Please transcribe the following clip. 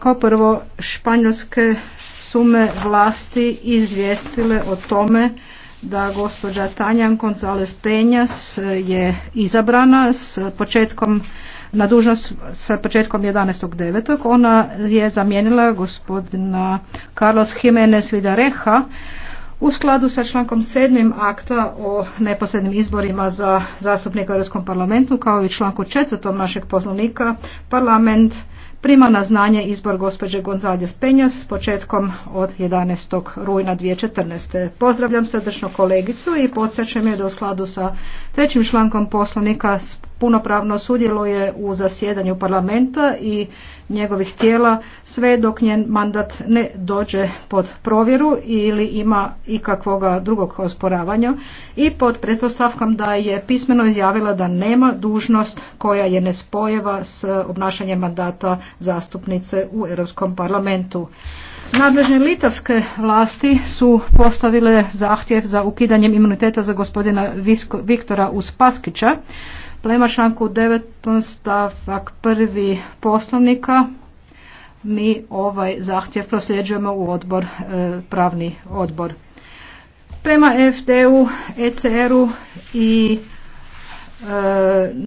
Kao prvo, španjolske sume vlasti izvijestile o tome da gospođa Tanjan gonzalez Penjas je izabrana s početkom na dužnost sa početkom 11.9. Ona je zamijenila gospodina Carlos Jiménez Vidareha u skladu sa člankom 7. akta o neposrednim izborima za zastupnika u Europskom parlamentu kao i članku 4. našeg poslovnika parlament prima na znanje izbor gospođe Gonzalje Penjas s početkom od 11. rujna 2014. Pozdravljam srdečno kolegicu i podsjećam je da u skladu sa trećim člankom poslovnika punopravno sudjeluje u zasjedanju parlamenta i njegovih tijela sve dok njen mandat ne dođe pod provjeru ili ima ikakvoga drugog osporavanja i pod pretpostavkom da je pismeno izjavila da nema dužnost koja je nespojeva s obnašanjem mandata zastupnice u Europskom parlamentu. Nadležne litavske vlasti su postavile zahtjev za ukidanjem imuniteta za gospodina Viktora Uspaskića Prema članku 9. stavak 1. poslovnika mi ovaj zahtjev prosljeđujemo u odbor, e, pravni odbor. Prema FDU, ECR-u i e,